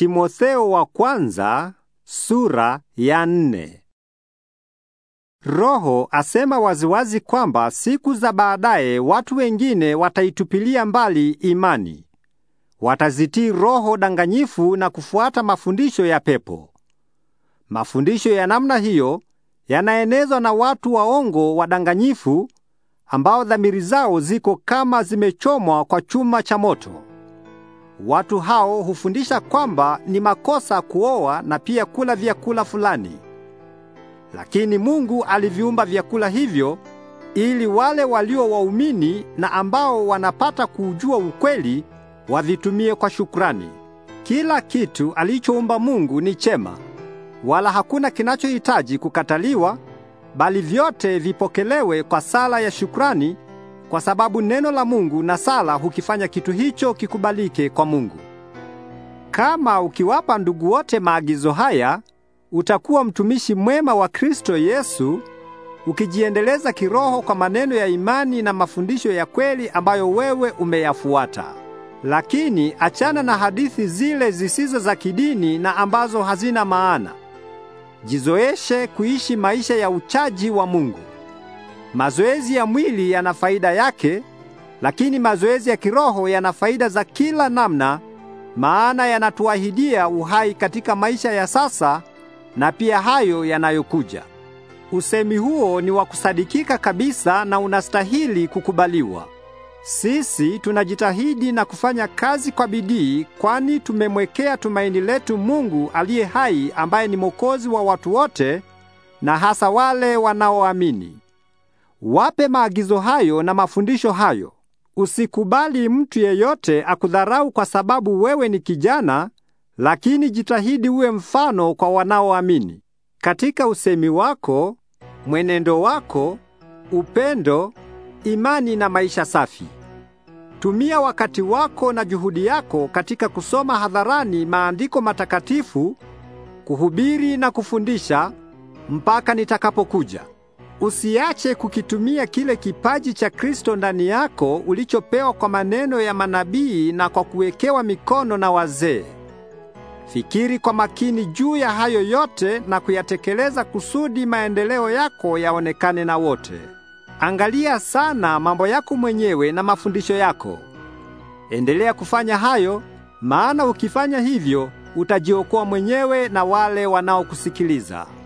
Timotheo wa kwanza sura ya nne. Roho asema waziwazi kwamba siku za baadaye watu wengine wataitupilia mbali imani. Watazitii roho danganyifu na kufuata mafundisho ya pepo. Mafundisho ya namna hiyo yanaenezwa na watu waongo wadanganyifu ambao dhamiri zao ziko kama zimechomwa kwa chuma cha moto. Watu hao hufundisha kwamba ni makosa kuoa na pia kula vyakula fulani. Lakini Mungu aliviumba vyakula hivyo ili wale walio waumini na ambao wanapata kuujua ukweli wavitumie kwa shukrani. Kila kitu alichoumba Mungu ni chema, wala hakuna kinachohitaji kukataliwa, bali vyote vipokelewe kwa sala ya shukrani kwa sababu neno la Mungu na sala hukifanya kitu hicho kikubalike kwa Mungu. Kama ukiwapa ndugu wote maagizo haya, utakuwa mtumishi mwema wa Kristo Yesu, ukijiendeleza kiroho kwa maneno ya imani na mafundisho ya kweli ambayo wewe umeyafuata. Lakini achana na hadithi zile zisizo za kidini na ambazo hazina maana. Jizoeshe kuishi maisha ya uchaji wa Mungu. Mazoezi ya mwili yana faida yake, lakini mazoezi ya kiroho yana faida za kila namna, maana yanatuahidia uhai katika maisha ya sasa na pia hayo yanayokuja. Usemi huo ni wa kusadikika kabisa na unastahili kukubaliwa. Sisi tunajitahidi na kufanya kazi kwa bidii, kwani tumemwekea tumaini letu Mungu aliye hai, ambaye ni Mwokozi wa watu wote na hasa wale wanaoamini. Wape maagizo hayo na mafundisho hayo. Usikubali mtu yeyote akudharau kwa sababu wewe ni kijana, lakini jitahidi uwe mfano kwa wanaoamini. Katika usemi wako, mwenendo wako, upendo, imani na maisha safi. Tumia wakati wako na juhudi yako katika kusoma hadharani maandiko matakatifu, kuhubiri na kufundisha mpaka nitakapokuja. Usiache kukitumia kile kipaji cha Kristo ndani yako ulichopewa kwa maneno ya manabii na kwa kuwekewa mikono na wazee. Fikiri kwa makini juu ya hayo yote na kuyatekeleza kusudi maendeleo yako yaonekane na wote. Angalia sana mambo yako mwenyewe na mafundisho yako. Endelea kufanya hayo, maana ukifanya hivyo utajiokoa mwenyewe na wale wanaokusikiliza.